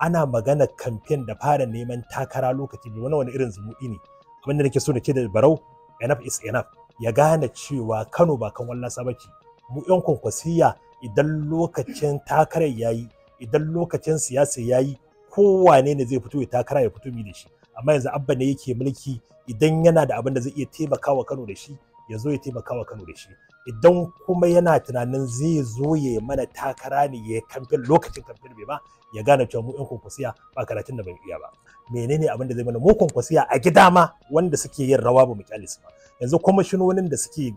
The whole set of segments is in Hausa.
ana magana kamfen da fara neman takara lokaci biyu wani wani irin zumuɗi ne abin da nake so da ke da barau enough is enough ya gane cewa kano ba kan wallasa ba ce mu yan kwankwasiya idan lokacin takarar ya yi idan lokacin siyasa ya yi kowane ne zai fito ya takara ya fito mi da shi amma yanzu abba ne yake mulki idan yana da abin da zai iya taimakawa kano da shi ya zo ya taimaka wa Kano da shi idan kuma yana tunanin zai zo ya mana takara ne ya kamfen lokacin kamfen bai ba ya gane cewa mu 'yan kwankwasiya ba karatun da ban iya ba menene abin da zai mana mu kwankwasiya a gida ma wanda suke yin rawa ba mu kyale su ba yanzu wani da suke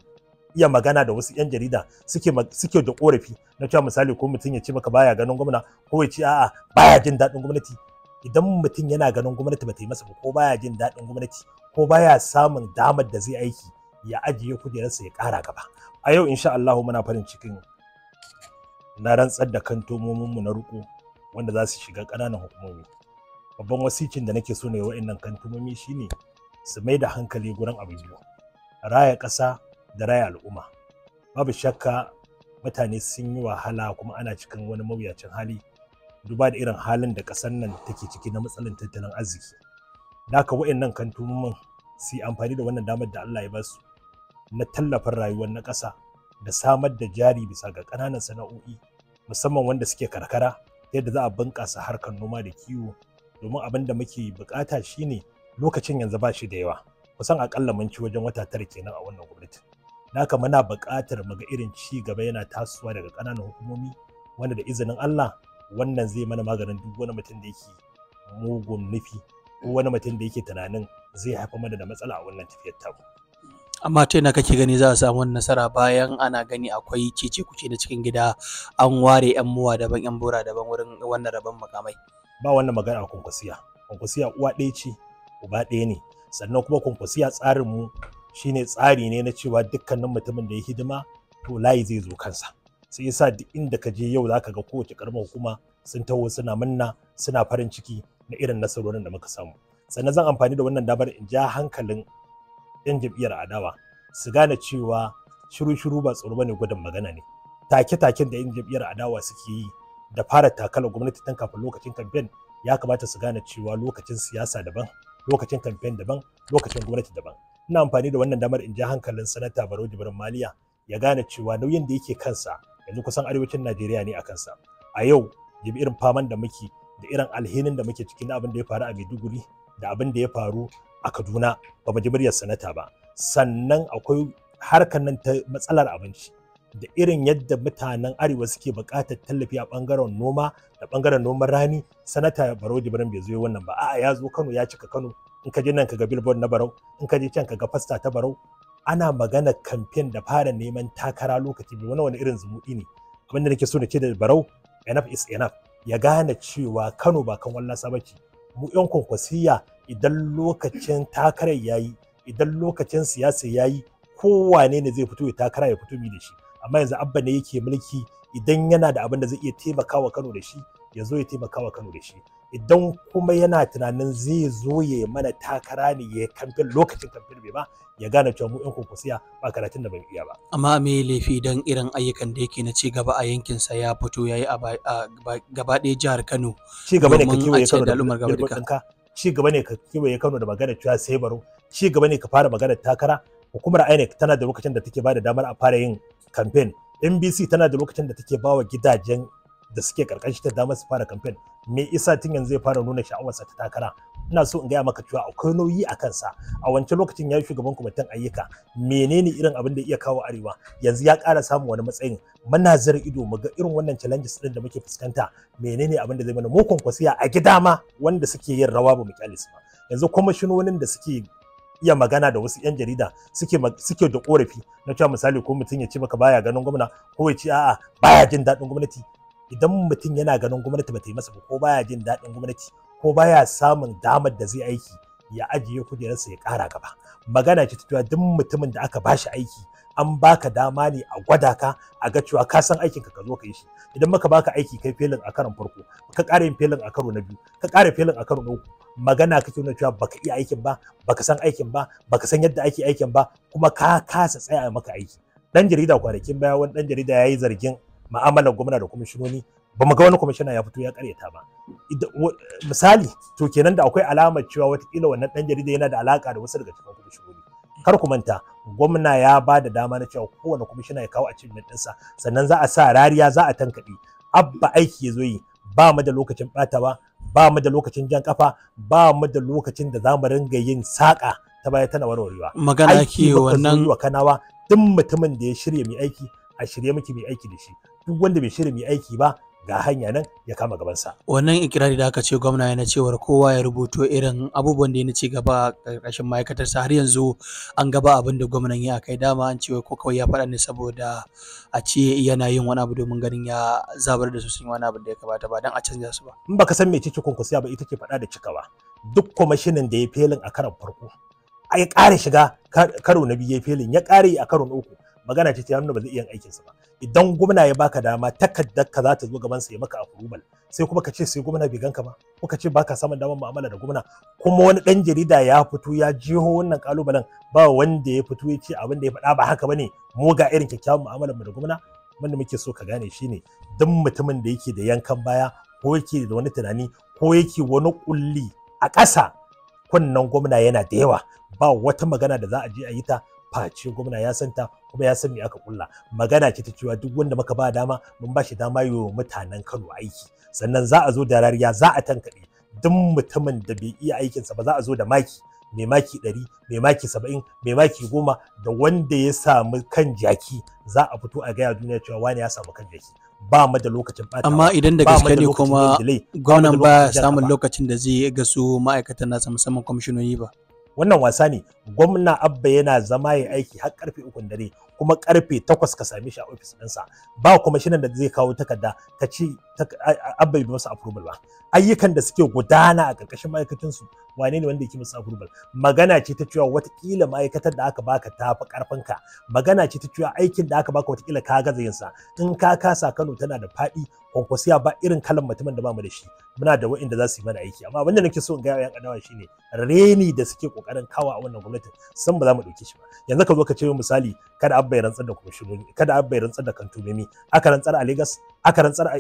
iya magana da wasu 'yan jarida suke suke da korafi na cewa misali ko mutum ya ce maka baya ganin gwamna ko ya ce a'a baya jin daɗin gwamnati idan mutum yana ganin gwamnati ba ta yi masa ba ko baya jin daɗin gwamnati ko baya samun damar da zai aiki ya ajiye kujerarsa ya ƙara gaba a yau insha Allah muna farin cikin na rantsar da mu na ruku wanda za su shiga ƙananan hukumomi babban wasikin da nake so ne innan kantomomi shine su mai da hankali gurin abu biyu raya ƙasa da raya al'umma babu shakka mutane sun yi wahala kuma ana cikin wani mawuyacin hali duba da irin halin da ƙasar nan take ciki na matsalin tattalin arziki da haka wa'annan kantomomin su yi amfani da wannan damar da Allah ya ba su na tallafin rayuwar na ƙasa da samar da jari bisa ga ƙananan sana'o'i musamman wanda suke karkara yadda za a bunƙasa harkar noma da kiwo domin abin da muke buƙata shine lokacin yanzu ba shi da yawa kusan aƙalla mun ci wajen wata tara kenan a wannan gwamnati naka muna buƙatar mu ga irin ci gaba yana tasowa daga ƙananan hukumomi wanda da izinin Allah wannan zai mana maganin duk wani mutum da yake mugun nufi ko wani mutum da yake tunanin zai haifa mana da matsala a wannan tafiyar tamu. amma ta yana kake gani za a samu nasara bayan ana gani akwai cece kuce na cikin gida an ware yan muwa daban yan bora daban wurin wannan rabon makamai ba wannan magana a kunkusiya kunkusiya uwa ɗaya ce uba ɗaya ne sannan kuma kunkusiya tsarin mu shine tsari ne na cewa dukkanin mutumin da ya hidima to layi zai zo kansa sai yasa duk inda ka je yau zaka ga kowace karamar hukuma sun taho suna manna, suna farin ciki na irin nasarorin da muka samu sannan zan amfani da wannan damar in ja hankalin 'yan jam'iyyar adawa su gane cewa shiru-shiru ba tsoro bane gudun magana ne take-taken da 'yan jam'iyyar adawa suke yi da fara takalar gwamnati tun kafin lokacin kamfen ya kamata su gane cewa lokacin siyasa daban lokacin kamfen daban lokacin gwamnati daban ina amfani da wannan damar in ja hankalin sanata baro Jibrin Maliya ya gane cewa nauyin da yake kansa yanzu kusan arewacin Najeriya ne a kansa a yau jibi faman da muke da irin alhinin da muke cikin abin da ya faru a Maiduguri da abin da ya faru a Kaduna ba mu ji muryar sanata ba sannan akwai harkar nan ta matsalar abinci da irin yadda mutanen arewa suke buƙatar tallafi a ɓangaren noma da ɓangaren noman rani sanata barau jibirin bai zo wannan ba a'a ya zo kano ya cika kano in ka je nan ka ga billboard na barau in ka je can ka ga fasta ta barau ana magana kamfen da fara neman takara lokaci bai wani irin zumuɗi ne abin nake so na ce da barau enough is enough ya gane cewa kano ba kan wallasa ba ce mu 'yan kwankwasiya idan lokacin takarar ya yi idan lokacin siyasa ya yi kowane ne zai fito ya takara ya fito mi da shi amma yanzu abba ne yake mulki idan yana da abin da zai iya taimakawa kano da shi ya zo ya taimakawa kano da shi idan kuma yana tunanin zai zo ya mana takara ne ya kamfin lokacin kamfin bai ba ya gane cewa mu yan kokusiya ba karatun da bai iya ba amma me laifi don irin ayyukan da yake na ci gaba a yankin sa ya fito ya a gaba ɗaya jihar Kano ci gaba ne ka kiwaye Kano da al'ummar gaba ci gaba ne ka kiwaye Kano da magana cewa sai baro ci gaba ne ka fara magana takara hukumar INEC tana da lokacin da take ba da damar a fara yin kamfen NBC tana da lokacin da take ba wa gidajen da suke karkashi ta damar su fara kamfen me isa tun yanzu zai fara nuna sa ta takara ina so in gaya maka cewa akwai nauyi a kansa a wancan lokacin ya yi shugaban kwamitin ayyuka menene irin abin da iya kawo arewa yanzu ya ƙara samun wani matsayin Muna zira ido mu ga irin wannan challenges din da muke fuskanta menene abin da zai mana mu kwankwasiya a gida ma wanda suke yin rawa ba mu kyale ba yanzu kwamishinonin da suke iya magana da wasu 'yan jarida suke suke da korafi na cewa misali ko mutum ya ce maka baya ganin gwamna ko ya ce a'a baya jin daɗin gwamnati idan mutum yana ganin gwamnati ba ta yi masa ba ko baya jin daɗin gwamnati ko baya samun damar da zai aiki ya ajiye kujerarsa ya ƙara gaba magana ce ta cewa duk mutumin da aka bashi aiki an baka dama ne a gwada ka a ga cewa ka san aikinka ka zo ka yi shi idan muka baka aiki kai felin a karon farko ka ƙara yin felin a karo na biyu ka ƙara felin a karo na uku magana kake nuna cewa baka iya aikin ba baka san aikin ba baka san yadda ake aikin ba kuma ka kasa tsaya maka aiki dan jarida kwanakin baya wani dan jarida ya yi zargin ma'amalar gwamna da kwamishinoni ba mu ga wani kwamishina ya fito ya karyata ba misali to kenan da akwai alamar cewa wata watakila wannan dan jarida yana da alaka da wasu daga cikin kwamishinoni kar ku manta gwamna ya ba da dama na cewa kowane kwamishina ya kawo a cikin ɗinsa sannan za a sa rariya za a tankaɗe abba aiki ya zo yi ba mu da lokacin ɓatawa ba mu da lokacin jan kafa ba mu da lokacin da za mu ringa yin saƙa ta baya tana warwarewa magana ke wannan kanawa duk mutumin da ya shirya mai aiki a shirye muke mai aiki da shi duk wanda bai shirya mai aiki ba ga hanya nan ya kama gabansa. Wannan ikirari da aka ce gwamna yana cewar kowa ya rubuto irin abubuwan da ya ci gaba a ma'aikatar ma'aikatarsa har yanzu an gaba abin da gwamnan ya kai dama an cewa ko kawai ya fada ne saboda a ce yana yin wani abu domin ganin ya zabar da su sun wani abu da ya kamata ba don a canza su ba. In baka san mece ce kunkusiya ba ita ke fada da cikawa duk kwamashinin da ya felin a karon farko ya ƙara shiga karo na biyu ya felin ya ƙare a karo na uku magana ce ta nuna ba zai iya aikinsa ba idan gwamna ya baka dama takardar ka za ta zo gaban sa ya maka approval sai kuma ka ce sai gwamna bai ganka ba ko ka ce baka samun damar mu'amala da gwamna kuma wani dan jarida ya fito ya jiho wannan kalubalen ba wanda ya fito ya ce abin da ya faɗa ba haka bane mu ga irin kyakkyawan mu'amalar mu da gwamna wanda muke so ka gane shine duk mutumin da yake da yankan baya ko yake da wani tunani ko yake wani kulli a ƙasa kunnen gwamna yana da yawa ba wata magana da za a je a yi ta face gwamna ya santa kuma ya san me aka kulla magana ce ta cewa duk wanda muka ba dama mun ba shi dama yi mutanen Kano aiki sannan za a zo da rariya za a tankaɗe duk mutumin da bai iya aikinsa ba za a zo da maki mai maki 100 mai maki saba'in mai maki goma da wanda ya samu kan jaki za a fito a gaya duniya cewa wani ya samu kan jaki ba mu da lokacin ɓata amma idan da gaske ne kuma gwamnan ba samun lokacin da zai ga su ma'aikatan nasa musamman kwamishinoyi ba wannan wasa ne gwamna abba yana zama ya aiki har karfe ukun dare kuma karfe takwas ka same shi a ofis ɗinsa ba kuma shirin da zai kawo takarda ka ci abai masu masa approval ba ayyukan da suke gudana a ƙarƙashin ma'aikatansu wane ne wanda yake masa approval magana ce ta cewa watakila ma'aikatar da aka baka ta fi ƙarfinka magana ce ta cewa aikin da aka baka watakila ka gaza yin sa in ka kasa Kano tana da faɗi kwankwasiya ba irin kalan mutumin da ba mu da shi muna da wa'inda za su yi mana aiki amma abin da nake so in gaya wa 'yan adawa shine reni da suke kokarin kawa a wannan gwamnatin san ba za mu ɗauke shi ba yanzu ka zo ka ce misali kada abba ya rantsar da kada abba ya rantsar da kantumimi aka rantsar a lagos aka rantsar a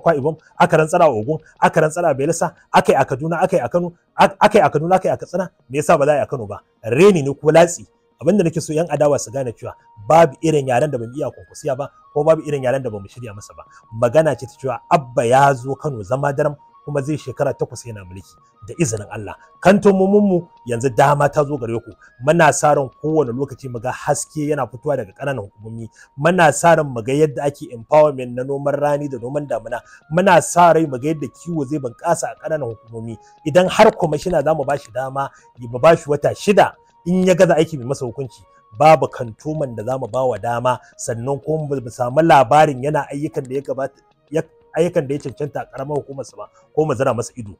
kwa ibom aka rantsar a ogun aka rantsar a belisa aka yi a kaduna aka yi a kano aka a kaduna aka a katsina me yasa ba za a yi a kano ba reni ne ko latsi abinda nake so yan adawa su gane cewa babu irin yaren da bamu iya kunkusiya ba ko babu irin yaren da bamu shirya masa ba magana ce ta cewa abba ya zo kano zama daram kuma zai shekara takwas yana mulki da izinin Allah mu yanzu dama ta zo gare ku muna sa ran kowane lokaci muga haske yana fitowa daga ƙananan hukumomi muna sa ran muga yadda ake empowerment na noman rani da noman damina muna sa rai muga yadda kiwo zai bunƙasa a ƙananan hukumomi idan har kwamishina za mu ba shi dama mu ba shi wata shida in ya gaza aiki mai masa hukunci babu kantoman da zamu mu ba wa dama sannan kuma mu samu labarin yana ayyukan da ya ayyukan da ya cancanta a karamar hukumar sa ba ko mu zira masa ido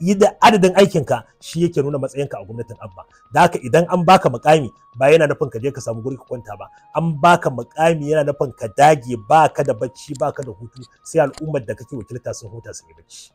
yi da adadin aikinka shi yake nuna matsayinka a gwamnatin abba da haka idan an baka mukami ba yana nufin ka je ka samu guri ka kwanta ba an baka mukami yana nufin ka dage baka da bacci baka da hutu sai al'ummar da kake wakilta sun huta su yi bacci